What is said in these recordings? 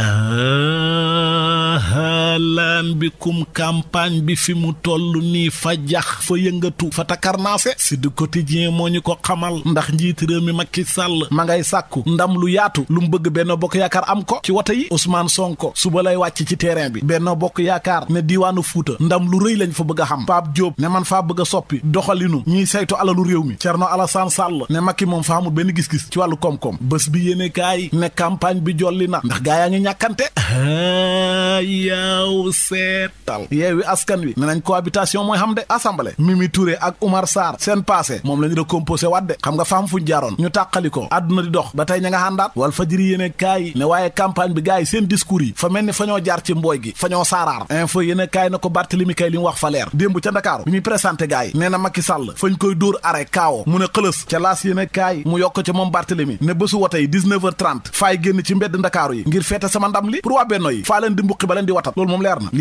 เออ askan bi kum campagne bi fi mu toll nii fa jax fa yëngatu fa takarnaase si du quotidien moo ñu ko xamal ndax njiit réew mi Macky Sall ma ngay sàkku ndam lu yaatu lu mu bëgg Benno Bokk Yaakaar am ko ci wote yi Ousmane Sonko suba lay wàcc ci terrain bi Benno Bokk Yaakaar ne diiwaanu Fuuta ndam lu rëy lañ fa bëgg a xam Pape Diop ne man faa bëgg a soppi doxalinu ñiy saytu alalu réew mi Thierno Alassane Sall ne Macky moom fa amul benn gis-gis ci wàllu koom-koom bés bi bi jolli na ndax gaa yaa seetal yeewi askan wi ne nañ cohabitation mooy xam de assemblée Mimi Touré ak Oumar Sarr seen passé moom la di dox ba tey ña nga fajiri yéene kaay ne waaye campagne bi gars seen discours yi fa mel ni fa jaar ci mbooy gi fa ñoo saaraar info yéene kaay na ko Barthélemy kay wax fa leer démb ca Dakar bi muy présenté gars na Macky Sall fañ koy dóor are kaawo mu ne xëlës ca laas yéene kaay mu yokk ca moom Barthélemy ne bésu wote yi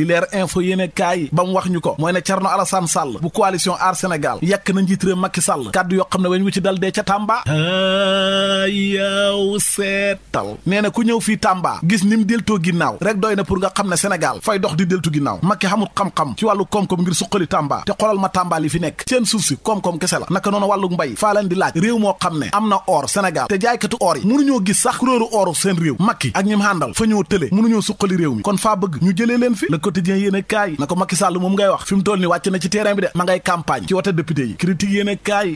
leer info yéene kaay ba wax ñu ko moo ne Thierno Alassane Sall bu coalition Aar Sénégal yàkk na njiit réew Macky kàddu yoo xam ne weñ wu ci dal dee ca Tamba yaw seetal nee na ku ñëw fii Tamba gis ni mu deltoo ginnaaw rek doy na pour nga xam ne Sénégal fay dox di deltu ginnaaw Macky xamul xam-xam ci wàllu koom-koom ngir suqali Tamba te xolal ma Tamba li fi nekk seen suuf si koom-koom kese la naka noonu wàllu mbay faa leen di laaj réew moo xam ne am na or Sénégal te jaaykatu or yi mënuñoo gis ñoo tële mënuñoo suqali réew mi kon faa bëgg ñu jëlee leen quotidien yéen a kaay na ko Macky moom ngay wax fi mu ni wàcc na ci terrain bi de ma ngay campagne ci wote député yi critique yéen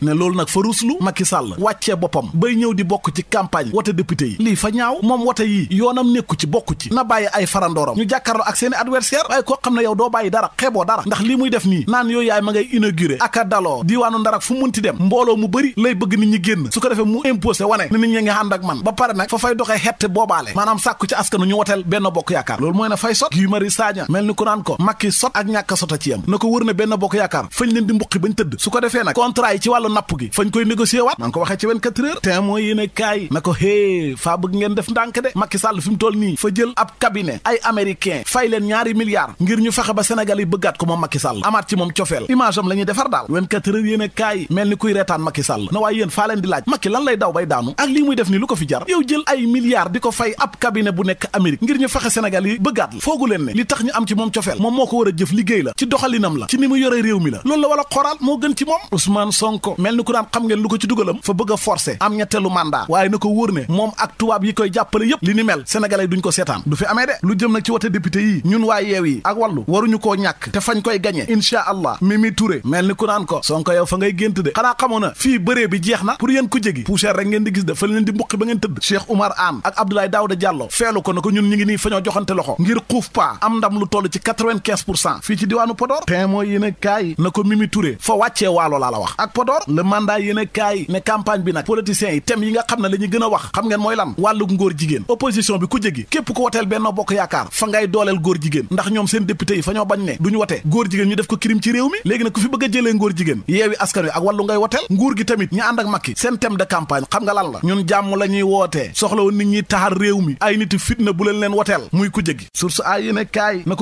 ne loolu nag fa ruslu Macky Sall boppam bay ñëw di bokk ci campagne wote député yi lii fa ñaaw moom wote yii yoonam nekku ci bokku ci na bàyyi ay farandooram ñu jàkkaarloo ak seeni adversaire waaye koo xam ne yow doo bàyyi dara xeeboo dara ndax lii muy def nii naan yooyu yaay ma ngay inauguré aka daloo diiwaanu ndar fu munti dem mbooloo ni ku naan ko Macky sot ak ñàkk a ci yam na ko wër ne benn bokk yaakaar fañ leen di mbuqi bañ tëdd su ko defee nag contrat ci wàllu napp gi fañ koy négocier waat maa ko waxee ci 24 heures te mooy kaay na ko hée faa bëgg ngeen def ndànk de Macky Sall fi mu nii fa jël ab cabinet ay américain fay leen ñaari milliards ngir ñu fexe ba Sénégal yi bëggaat ko moom Macky Sall amaat ci moom cofeel image am defar daal 24 heures yéen kaay moom cofeel moom moo ko war a jëf liggéey la ci doxalinam la ci ni mu yore réew mi la loolu la wala xoraal moo gën ci moom Ousmane Sonko mel ni ku xam ngeen lu ko ci dugalam fa bëgg a am ñetteelu mandat waaye na ko wóor moom ak tubaab yi koy jàppale yépp li ni mel sénégalais duñ ko seetaan du fi amee de lu jëm nag ci wote député yi ñun waa yeew yi ak wàllu waruñu koo ñàkk te fañ koy gañe inchaa allah Mimi Touré mel ni ku ko Sonko yow ci quatre vingt pour cent fii ci diwaanu Podor te mooy yéen a kaay na ko Mimi Touré fa wàccee waalo laa la wax ak Podor le mandat yéen kaay ne campagne bi nag politiciens yi thème yi nga xam ne la ñu gën a wax xam ngeen mooy lan wàllu ngóor jigéen opposition bi ku jégi képp ku woteel Benno Bokk Yaakaar fa ngay dooleel góor jigéen ndax ñoom seen député yi fa ñoo bañ ne duñu wote góor jigéen ñu def ko crime ci réew mi léegi nag ku fi bëgg a jëlee ngóor jigéen yeewi askan gi tamit ñu ànd ak Macky seen thème nga lan la ñun jàmm la ñuy wootee soxla woon nit ñi taxar réew mi ay nit fitna bu leen woteel muy ku jégi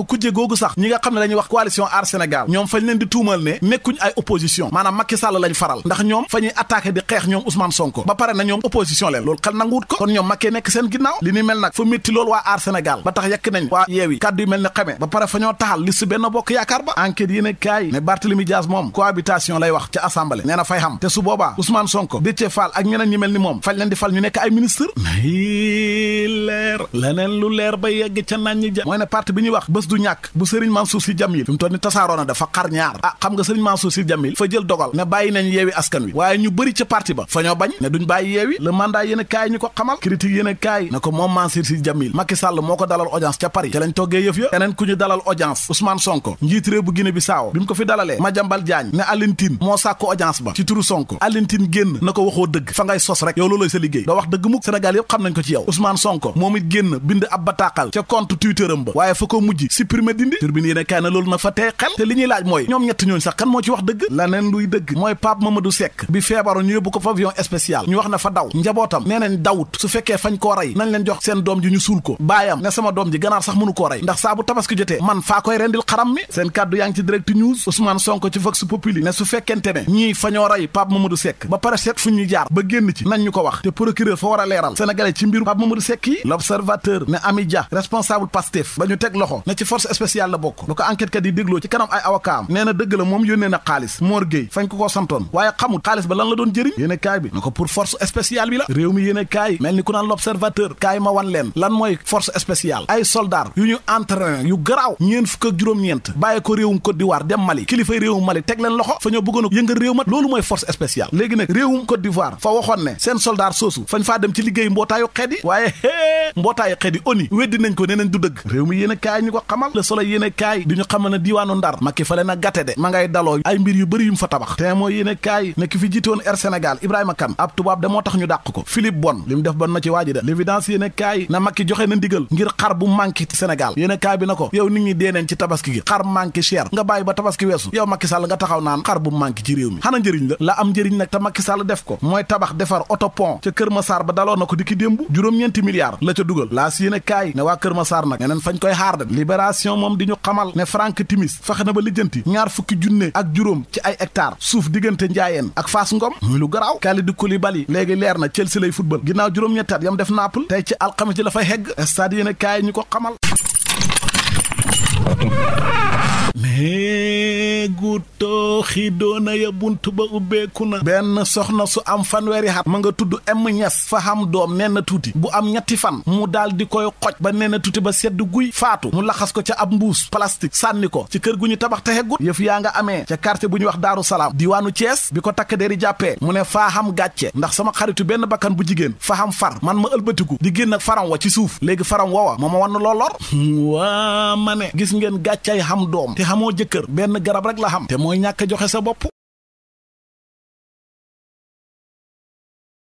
kujje googu sax ñi nga xam ne dañuy wax coalition Aar Sénégal ñoom fañ leen di tuumal ne nekkuñ ay opposition maanaam Macky Sall lañ faral ndax ñoom fa ñuy di xeex ñoom Ousmane Sonko ba pare na ñoom opposition leen loolu xel nanguwut ko kon ñoom Macky nekk seen ginnaaw li ni mel nag fa métti loolu waa Aar Sénégal ba tax yekk nañ waa yeewi kàddu mel ne xamee ba pare fa ñoo taxal liste benn bokk yaakaar ba enquête yéen ne Barthélemy ñàkk bu Serigne Mansour Sy Djamil fi mu tasaaroona dafa xar ñaar ah xam nga Serigne Mansour Sy Djamil fa jël dogal ne bàyyi nañ yeewi askan wi waaye ñu bëri ca parti ba fa ñoo bañ ne duñ bàyyi yeewi le mandat yéen a kaay ñu ko xamal critique yéen a kaay na ko moom Mansour Sy Djamil Macky Sall moo ko dalal audience ca Paris ca lañ toggee yëf ya keneen ku ñu dalal audience Ousmane Sonko njiit réew bu Guinée Bissau bi mu ko fi dalalee Madiambal Diagne ne Alioune Tine wax dëgg mukk Sénégal yëpp xam nañ ko ci yow supprimer dindi turbine yéen kaay na loolu na fa tey xel te li ñuy laaj mooy ñoom ñett ñooñu sax kan moo ci wax dëgg la neen luy dëgg mooy Pape Mamadou Seck bi feebaru ñu yóbbu ko fa avion spécial ñu wax na fa daw njabootam nee nañ dawut su fekkee fañ koo rey nañ leen jox seen doom ji ñu suul ko baayam ne sama doom ji ganaar sax mënu koo rey ndax saa bu tabaski jotee man faa koy rendil xaram mi seen kàddu yaa ngi ci direct news Ousmane Sonko ci Vox Populi ne su fekkente ne ñii fa ñoo rey Pape Mamadou ba pare seet fu ñuy jaar ba génn ci nañ ñu ko wax te procureur fa war a leeral sénégalais ci mbiru Pape Mamadou Seck yi l'observateur ne Ami Dia responsable Pastef ba teg loxo ne force spéciale la bokk lu ko enquête kat yi dégloo ci kanam ay avocat am nee dëgg la moom yónnee na xaalis Mor Gueye fañ ko santoon waaye xamul xaalis ba lan la doon jëriñ yéene kaay bi na ko pour force spéciale bi la réew mi yéene kaay mel ni ku naan l'observateur kaay ma wan leen lan mooy force spéciale ay soldats yu ñu entraîné yu garaaw ñeen fukk ak juróom-ñeent bàyyi ko réewum Côte d'Ivoire dem Mali kilifay réewum Mali teg leen loxo fa ñoo bëggoon a yëngal réew ma loolu mooy force spéciale léegi nag réewum Côte d'Ivoire fa waxoon ne seen ko nee nañ lool le soleil yéen a kaay di ñu xamal ne diiwaanu ndar Macky fale na gàtte de ma ngay daloo ay mbir yu bëri yu mu fa tabax te mooy yéen a kaay ne ki fi jiite woon Air Sénégal Ibrahima Kane ab tubaab de moo tax ñu dàq ko Philippe Bon li mu def bon na ci waaji de l'évidence yéen a kaay na Macky joxe na ndigal ngir xar bu manqué ci Sénégal yéen a kaay na ko yow nit ñi deeneen ci tabaski gi xar manqué cher nga bàyyi ba tabaski weesu yow Macky sal nga taxaw naan xar bu manqué ci réew mi xana njëriñ la la am njëriñ nag te Macky Sall ko mooy tabax defar autopont ca Kër Massar ba daloo na ko di ki démb juróom-ñeenti milliards la ca dugal laas yéen a kaay ne waa Kër Massar nag ñeneen fañ koy xaar libération moom di ñu xamal ne Frank Timis fexe na ba lijjanti ñaar fukki junne ak juróom ci ay hectare suuf diggante njaayeen ak fas ngoom muy lu garaaw ko Kalidou Koulibaly léegi leer na Chelsea lay football ginnaaw juróom-ñettaat yom def Naples tey ci alxames ji la fay hegg stade kaa yi ñu ko xamal tooxii doona ya bunt ba ubbeeku na benn soxna su am fanweeri xat ma nga tudd M Niass fa xam doom nee tuuti bu am ñetti fan mu daal di koy xoj ba nee na tuuti ba sedd guy faatu mu laxas ko ca ab mbuus plastique sànni ko ci kër gu ñu tabax te heggut yëf yaa nga amee ca quartier bu ñuy wax Daaru Salaam diwaanu Thiès bi ko takk deeri jàppee mu ne faa xam gàcce ndax sama xaritu benn bakkan bu jigéen fa xam far man ma ëlbatiku di génn ak faram wa ci suuf léegi faram woowa moo ma wann loolor waa ne gis ngeen gàccay xam doom xamoo jëkkër benn garab joxe sa bopp